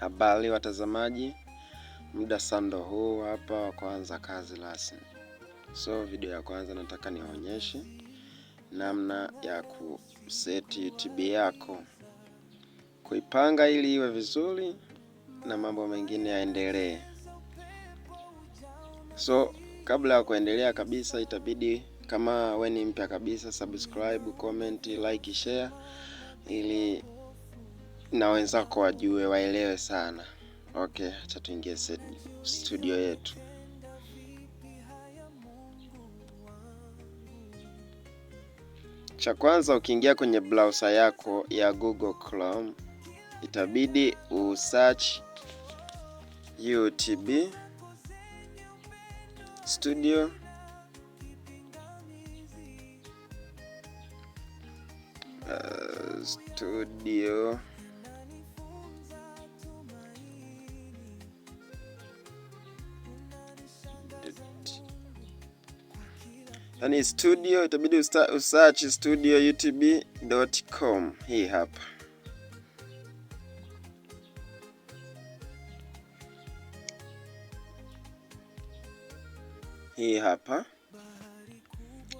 Habari watazamaji, muda sando ndo huu hapa wa kuanza kazi rasmi. So video ya kwanza nataka nionyeshe namna ya kuseti YouTube yako, kuipanga ili iwe vizuri na mambo mengine yaendelee. So kabla ya kuendelea kabisa, itabidi kama we ni mpya kabisa, subscribe, comment, like, share ili na wenzako wajue, waelewe sana. Okay, acha tuingie studio yetu. Cha kwanza ukiingia kwenye browser yako ya Google Chrome itabidi usearch UTB Studio. Uh, studio yani studio, itabidi usearch studio utb.com. Hii hapa hii hapa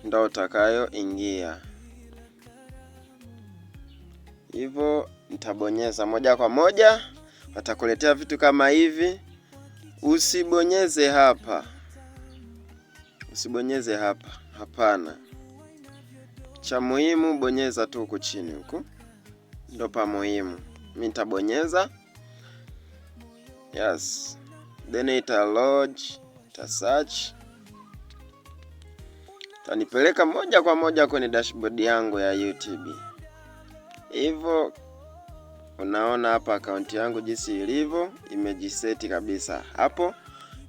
ndo utakayoingia, hivyo nitabonyeza moja kwa moja, watakuletea vitu kama hivi. Usibonyeze hapa, usibonyeze hapa. Hapana, cha muhimu bonyeza tu huku chini, huku ndo pa muhimu. Mi nitabonyeza yes, then ita lodge, ita search, tanipeleka moja kwa moja kwenye dashboard yangu ya YouTube. Hivyo unaona hapa akaunti yangu jinsi ilivyo imejiseti kabisa. Hapo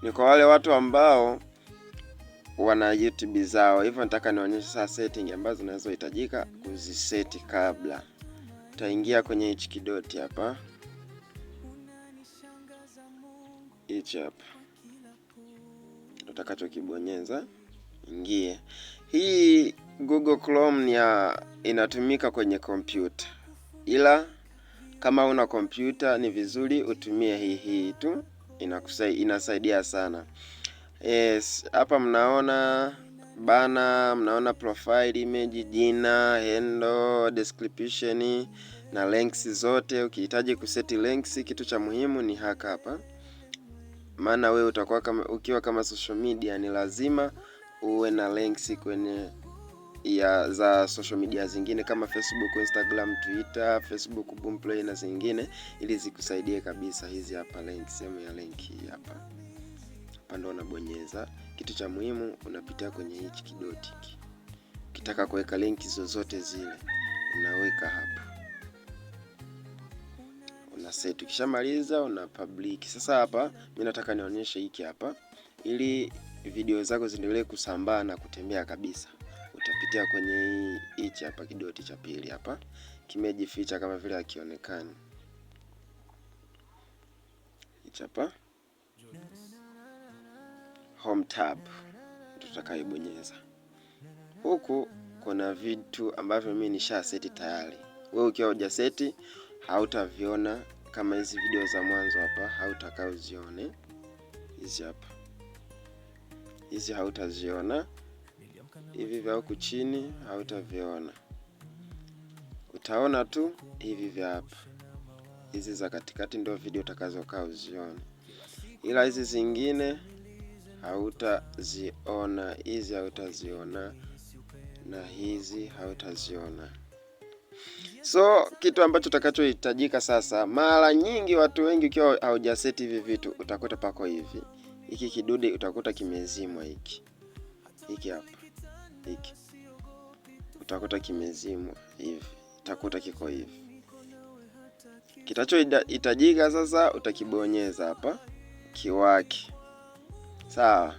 ni kwa wale watu ambao wana YouTube zao. Hivyo nataka nionyeshe sasa setting ambazo zinazohitajika kuziseti kabla. Utaingia kwenye hichi kidoti hapa, hichi hapa utakachokibonyeza, ingie hii. Google Chrome ni ya inatumika kwenye kompyuta, ila kama una kompyuta ni vizuri utumie hii hii tu, inakusaidia, inasaidia sana. Yes, hapa mnaona bana, mnaona profile image, jina, handle, description na links zote. Ukihitaji kuseti links, kitu cha muhimu ni haka hapa, maana wewe utakuwa kama, ukiwa kama social media ni lazima uwe na links kwenye ya za social media zingine kama Facebook, Instagram, Twitter, Facebook, Boomplay na zingine, ili zikusaidie kabisa. Hizi hapa links, sehemu ya link hii hapa panda unabonyeza. Kitu cha muhimu unapitia kwenye hichi kidoti hiki. Ukitaka kuweka linki zozote zile unaweka hapa, una set. Ukishamaliza una public. Sasa hapa mimi nataka nionyeshe hiki hapa, ili video zako ziendelee kusambaa na kutembea kabisa. Utapitia kwenye hichi hapa kidoti cha pili hapa, kimejificha kama vile hakionekani hapa home tab tutakaibonyeza. Huku kuna vitu ambavyo mimi seti tayari. Wewe ukiwa hujaseti hautaviona, kama hizi video za mwanzo hapa hautaka uzione. Hizi hapa hizi hautaziona, hivi vya huku chini hautaviona, utaona tu hivi vya hapa. Hizi za katikati ndio video utakazokaa uzione, ila hizi zingine hautaziona hizi, hautaziona na hizi hautaziona. So kitu ambacho utakachohitajika sasa, mara nyingi watu wengi, ukiwa haujaseti hivi vitu, utakuta pako hivi, hiki kidude utakuta kimezimwa, hiki hiki hapa, hiki utakuta kimezimwa hivi, utakuta kiko hivi. Kitachohitajika sasa, utakibonyeza hapa kiwake Sawa,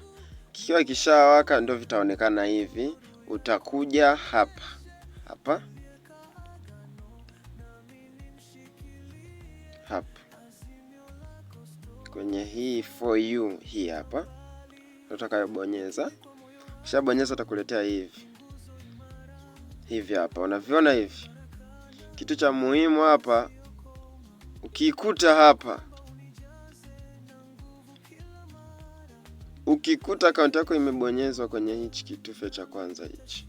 kikiwa kishawaka ndio vitaonekana hivi. Utakuja hapa hapa hapa kwenye hii for you hii hapa utakayobonyeza. Ukishabonyeza utakuletea hivi hivi hapa, unaviona hivi. Kitu cha muhimu hapa, ukiikuta hapa ukikuta akaunti yako imebonyezwa kwenye hichi kitufe cha kwanza hichi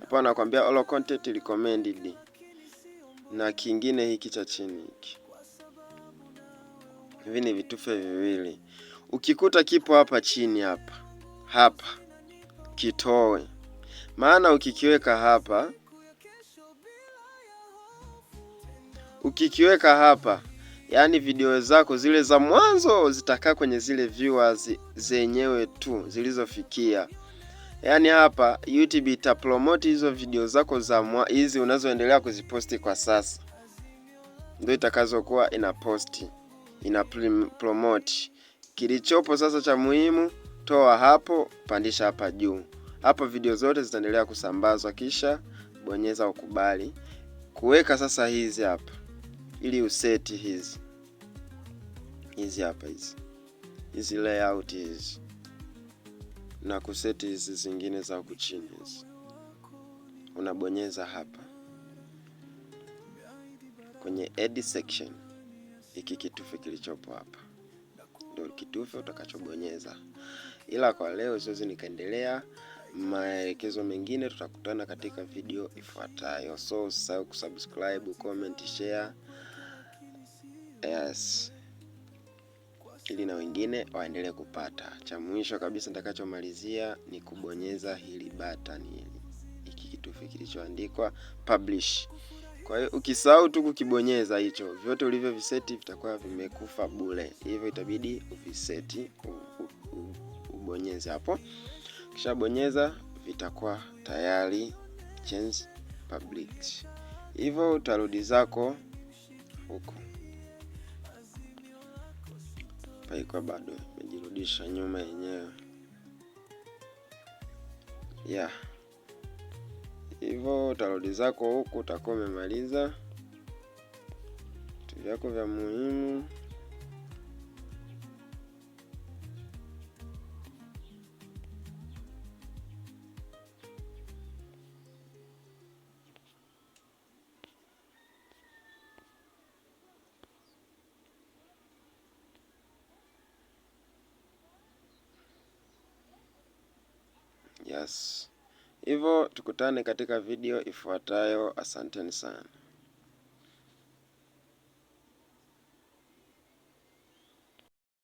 hapa, anakwambia all content recommended na kingine hiki cha chini hiki. Hivi ni vitufe viwili, ukikuta kipo hapa chini hapa hapa, kitoe. Maana ukikiweka hapa ukikiweka hapa yaani video zako zile za mwanzo zitakaa kwenye zile viewers zenyewe tu zilizofikia. Yaani hapa YouTube itapromote hizo video zako za hizi unazoendelea kuziposti kwa sasa, ndio itakazokuwa inaposti ina promote. Kilichopo sasa cha muhimu, toa hapo, pandisha hapa juu. Hapo video zote zitaendelea kusambazwa, kisha bonyeza ukubali kuweka sasa hizi hapa ili useti hizi hizi hapa hizi hizi layout hizi na kuseti hizi zingine za huku chini hizi, unabonyeza hapa kwenye edit section, hiki kitufe kilichopo hapa ndio kitufe utakachobonyeza. Ila kwa leo siwezi nikaendelea, maelekezo mengine tutakutana katika video ifuatayo. So usisahau kusubscribe, comment, share yes, ili na wengine waendelee kupata. Cha mwisho kabisa nitakachomalizia ni kubonyeza hili button hili, hiki kitufe kilichoandikwa publish. Kwa hiyo ukisahau tu kukibonyeza hicho, vyote ulivyo viseti vitakuwa vimekufa bure, hivyo itabidi uviseti ubonyeze hapo. Ukishabonyeza vitakuwa tayari change public, hivyo utarudi zako huko hapa ilikuwa bado imejirudisha nyuma yenyewe yeah. Hivyo tarodi zako huku utakuwa umemaliza vitu vyako vya muhimu. Yes. Hivyo tukutane katika video ifuatayo. Asanteni sana.